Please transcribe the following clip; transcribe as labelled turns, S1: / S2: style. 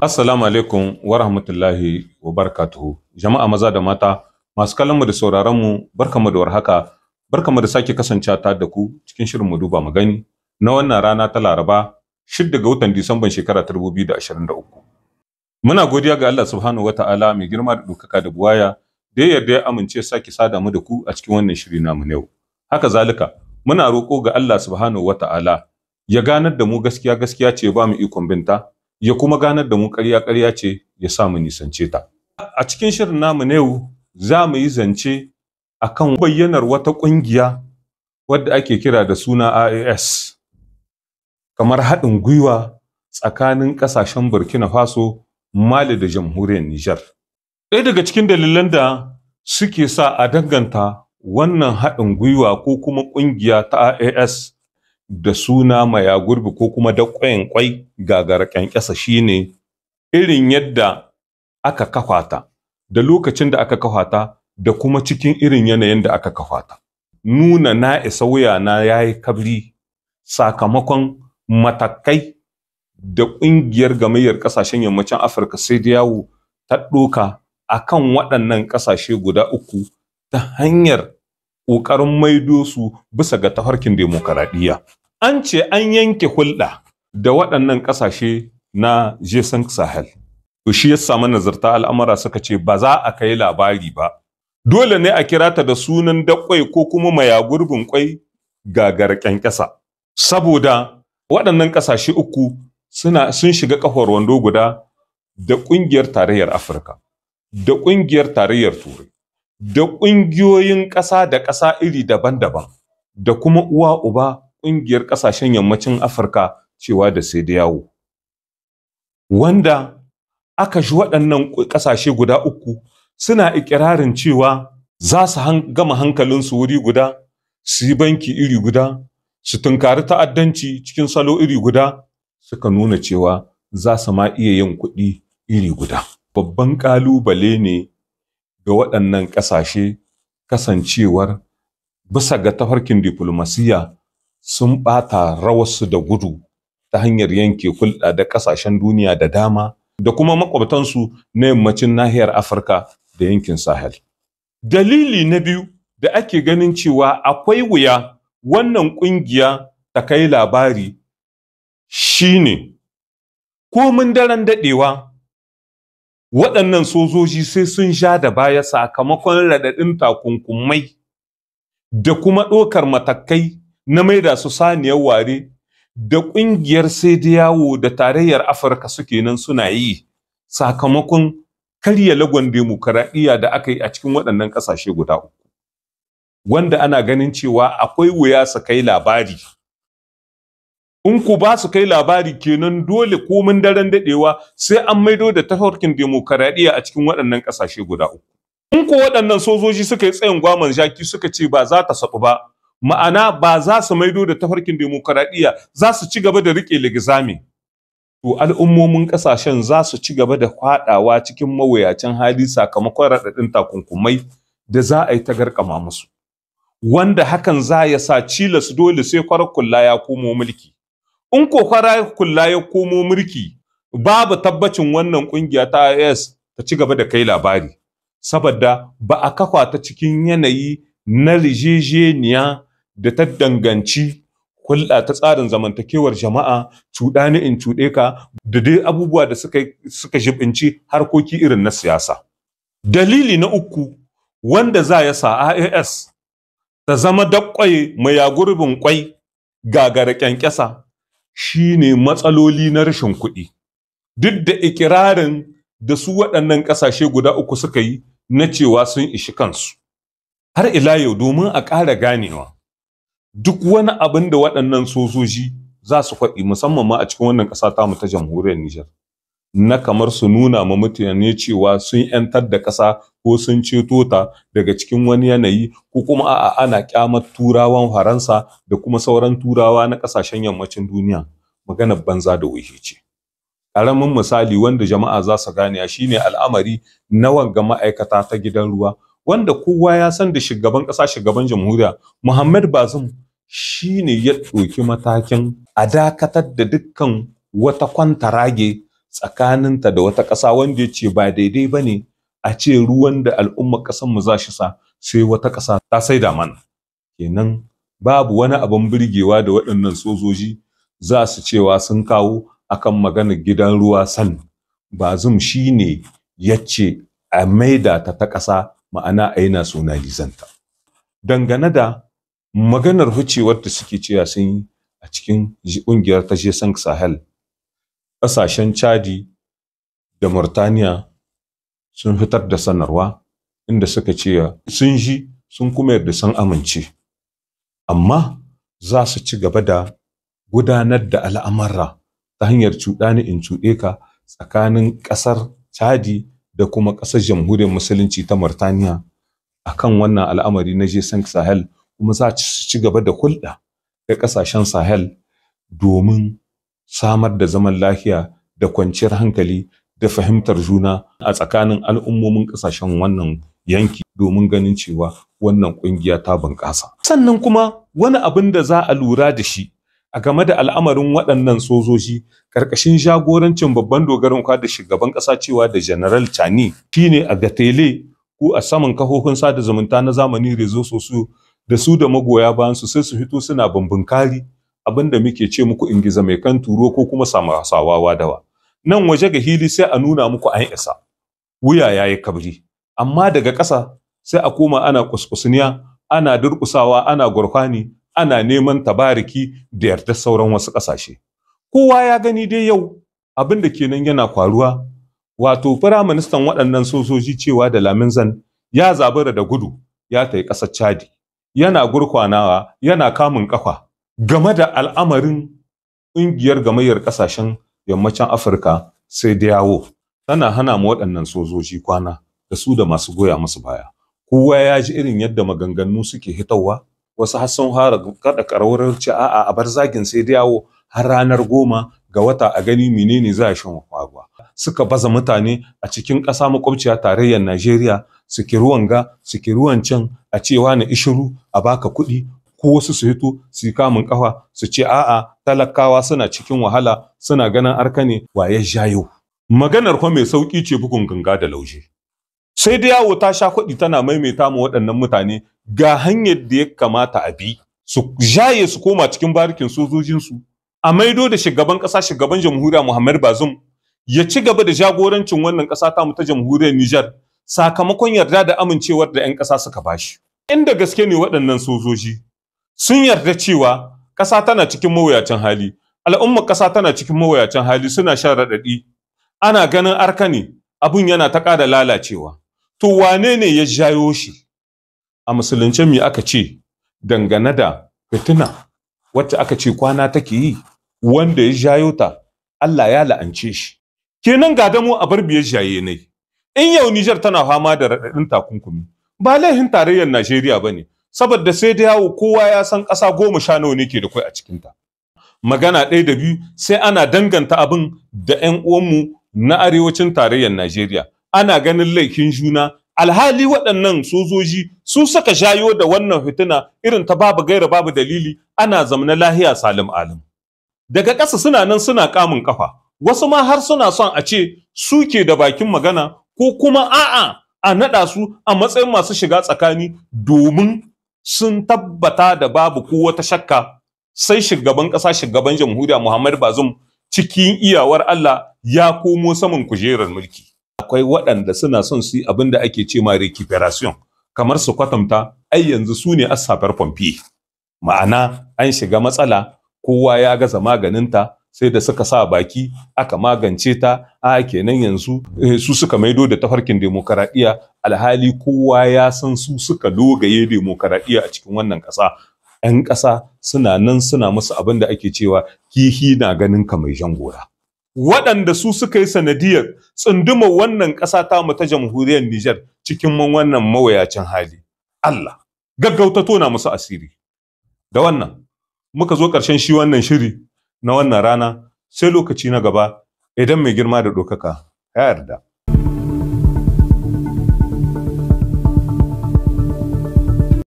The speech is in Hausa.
S1: Assalamu alaikum wa rahmatullahi wa barakatuhu. Jama'a maza da mata, masu kalanmu da sauraronmu, barkamu da warhaka, barkamu da sake kasance ta da ku cikin shirin mu duba mu gani na wannan rana ta Laraba, shidda ga watan Disamban shekara ta 2023. Muna godiya ga Allah subhanahu wa ta'ala mai girma da dukaka da buwaya da ya yarda ya amince sake sada mu da ku a cikin wannan shiri namu yau. Haka zalika, muna roƙo ga Allah subhanahu wa ta'ala ya ganar da mu gaskiya gaskiya ce ba mu ikon binta ya kuma ganar da mu ƙarya ƙarya ce ya sa mu nisance ta a cikin shirin namu na yau za mu yi zance akan bayyanar wata ƙungiya wadda ake kira da suna IAS kamar haɗin gwiwa tsakanin ƙasashen Burkina Faso, Mali da Jamhuriyar Nijar. Ɗaya daga cikin dalilan da suke sa a danganta wannan haɗin gwiwa ko kuma ƙungiya ta IAS da suna maya gurbi ko kuma da ƙwayan ƙwai gagara ƙyanƙyasa shine irin yadda aka kafa ta da lokacin da aka kafa ta da kuma cikin irin yanayin da aka kafa ta nuna na isa wuya na ya yi kabri sakamakon matakai da ƙungiyar gamayyar ƙasashen yammacin afirka sai da yawo ta ɗoka a kan waɗannan ƙasashe guda uku ta hanyar ƙoƙarin maido su bisa ga tafarkin demokaraɗiyya an ce an yanke hulɗa da waɗannan ƙasashe na jesan sahel to shi ya samu nazarta al'amura suka ce ba za a kai labari ba dole ne a kira ta da sunan daƙwai ko kuma maya gurbin kwai gagar kyankyasa saboda waɗannan ƙasashe uku suna sun shiga ƙafar wando guda da ƙungiyar tarayyar afirka da ƙungiyar tarayyar turai da ƙungiyoyin ƙasa da ƙasa iri daban-daban da kuma uwa uba ƙungiyar ƙasashen yammacin Afirka cewa da sai da yawo. Wanda aka shi waɗannan ƙasashe guda uku suna ikirarin cewa za su gama hankalinsu wuri guda, su yi banki iri guda, su tunkari ta'addanci cikin salo iri guda, suka nuna cewa za su ma iya yin kuɗi iri guda. Babban ƙalubale ne ga waɗannan ƙasashe kasancewar bisa ga tafarkin diflomasiyya sun ɓata rawarsu da gudu ta hanyar yanke hulɗa da ƙasashen duniya da dama da kuma makwabtansu na yammacin nahiyar Afirka da yankin Sahel. Dalili na biyu da ake ganin cewa akwai wuya wannan ƙungiya ta kai labari shine komin daren daɗewa waɗannan sojoji sai sun ja da baya sakamakon raɗaɗin takunkumai da kuma ɗaukar matakai na maida su saniyar ware da ƙungiyar sai da yawo da tarayyar afirka suke nan suna yi sakamakon karya lagon dimokuraɗiyya da aka yi a cikin waɗannan ƙasashe guda uku wanda ana ganin cewa akwai wuya su kai labari in ku ba su kai labari kenan dole komin daren daɗewa sai an maido da tafarkin demokaraɗiyya a cikin waɗannan ƙasashe guda uku in ku waɗannan sojoji suka yi tsayin gwaman jaki suka ce ba za ta saɓu ba ma'ana ba za su maido da tafarkin demokradiya za su ci gaba da rike ligizami to al'ummomin kasashen za su ci gaba da kwadawa cikin mawuyacin hali sakamakon raɗaɗin takunkumai da za a yi ta garkama musu wanda hakan za ya sa cilas dole sai kwarar ya komo mulki in ko kwarar kulla ya komo mulki babu tabbacin wannan kungiya ta IS ta ci gaba da kai labari saboda ba a kafa ta cikin yanayi na rijejeniya da ta danganci hulɗa ta tsarin zamantakewar jama'a cuɗa ni in cuɗe ka da dai abubuwa da suka suka jibinci harkoki irin na siyasa dalili na uku wanda za ya sa IAS ta zama dakwai mai gurbin kwai gagara kyankyasa shine matsaloli na rashin kuɗi duk da ikirarin da su waɗannan ƙasashe guda uku suka yi na cewa sun ishi kansu har ila yau domin a ƙara ganewa duk wani abin da waɗannan sojoji za su faɗi musamman ma a cikin wannan ƙasa ta mu ta jamhuriyar Nijar na kamar su nuna ma mutane cewa sun ‘yantar da ƙasa ko sun ceto ta daga cikin wani yanayi ko kuma a ana kyamar turawan Faransa da kuma sauran turawa na ƙasashen yammacin duniya magana banza da wuce ce. Ƙaramin misali wanda jama'a za su gane shine al'amari na wanga ma'aikata ta gidan ruwa wanda kowa ya san da shugaban ƙasa shugaban jamhuriya Muhammad Bazum shi ne ya ɗauki matakin a dakatar da dukkan wata kwanta kwantarage tsakaninta da wata ƙasa wanda ya ce ba daidai ba ne a ce ruwan da al'ummar mu za shi sa sai wata ƙasa ta saida mana kenan babu wani abin birgewa da waɗannan sojoji za su cewa sun kawo akan maganar gidan ruwa san bazum shi ne ya ce a maida ta ta ƙasa ma'ana a yi nasionalizanta dangane da maganar hucewar da suke cewa sun yi a cikin ƙungiyar ta jesan sahel ƙasashen chadi da murtaniya sun fitar da sanarwa inda suka ce sun ji sun kuma yarda sun amince amma za su ci gaba da gudanar da al'amara ta hanyar cuɗani in cuɗe ka tsakanin ƙasar chadi da kuma ƙasar jamhuriyar musulunci ta murtaniya akan wannan al'amari na jesan sahel kuma za su ci gaba da hulɗa da ƙasashen sahel domin samar da zaman lafiya da kwanciyar hankali da fahimtar juna a tsakanin al'ummomin ƙasashen wannan yanki domin ganin cewa wannan ƙungiya ta bunƙasa. Sannan kuma wani abin da za a lura da shi a game da al'amarin waɗannan sojoji ƙarƙashin jagorancin babban dogaran kwa da shugaban ƙasa cewa da General Chani shine a Gatele ko a saman kahohun sada zumunta na zamani Rezo Sosu da su da magoya bayan su sai su fito suna abin da muke ce muku ingiza mai kan turo ko kuma samu dawa nan waje ga hili sai a nuna muku an isa wuya yayi kabri amma daga ƙasa sai a koma ana kuskusniya ana durƙusawa ana gurfani ana neman tabariki da yarda sauran wasu ƙasashe kowa ya gani dai yau abin da kenan yana kwaruwa wato firaministan waɗannan sojoji cewa da Lamin Zan ya zabara da gudu ya tai ƙasar chadi yana gurkwanawa yana kamun kafa game da al'amarin ƙungiyar gamayyar ƙasashen yammacin afirka sai da yawo tana hana mu waɗannan sojoji kwana da su da masu goya masu baya kowa ya ji irin yadda maganganu suke hitowa wasu har hara fara kada karawar ci a'a a bar zagin sai da yawo har ranar goma ga wata a gani menene za a shan faruwa suka baza mutane a cikin ƙasa makwabciya tarayyar Najeriya su ruwan ga su ruwan can a cewa na ishiru a baka kuɗi ko wasu su hito su yi kamun kafa su ce a'a talakawa suna cikin wahala suna ganin arka ne waye jayo maganar kwa mai sauki ce bugun ganga da lauje sai da yawo ta sha kuɗi tana maimaita ma waɗannan mutane ga hanyar da ya kamata a bi su jaye su koma cikin barikin sojojinsu a maido da shugaban ƙasa shugaban jamhuriya Muhammad Bazum ya ci gaba da jagorancin wannan ƙasa ta mu ta jamhuriyar Nijar sakamakon yarda da amincewar da 'yan ƙasa suka bashi. Inda gaske ne waɗannan sojoji sun yarda cewa ƙasa tana cikin mawuyacin hali, al'ummar ƙasa tana cikin mawuyacin hali suna shan raɗaɗi, ana ganin arka ne abin yana ta ƙara lalacewa. To wane ne ya jayo shi? A musulunce me aka ce dangane da fitina wacce aka ce kwana take yi wanda ya jayo ta Allah ya la'ance shi. Kenan ga damo a bar biyar jaye ne. in yau Nijar tana fama da raɗaɗin takunkumi ba laifin tarayyar Najeriya ba ne saboda sai da yawo kowa ya san ƙasa goma sha nawa ne ke da kai a cikinta magana ɗaya da biyu sai ana danganta abin da 'yan uwanmu na arewacin tarayyar Najeriya ana ganin laifin juna alhali waɗannan sojoji su saka shayo da wannan fitina irin ta babu gaira babu dalili ana zamna lahiya salim alim daga ƙasa suna nan suna kamun ƙafa, wasu ma har suna son a ce su ke da bakin magana ko kuma a'a a naɗa su a matsayin masu shiga tsakani domin sun tabbata da babu ko wata shakka sai shugaban ƙasa shugaban jamhuriya Muhammad Bazum cikin iyawar Allah ya komo saman kujerar mulki akwai waɗanda suna son su yi abin da ake ce ma recuperation kamar su kwatanta ai yanzu su ne asafar pompe ma'ana an shiga matsala kowa ya gaza maganinta sai da suka sa baki aka magance ta a kenan yanzu eh, su suka maido da tafarkin demokaradiyya alhali kowa ya san su suka logaye demokaradiyya a cikin wannan ƙasa 'yan ƙasa suna nan suna musu abin da ake cewa kihi na ganin ka mai jan gora waɗanda su suka yi sanadiyar tsunduma wannan ƙasa ta mu ta jamhuriyar Nijar cikin wannan mawayacin hali Allah gaggauta tona musu asiri da wannan muka zo ƙarshen shi wannan shiri na wannan rana sai lokaci na gaba idan mai girma da ɗaukaka ya yarda.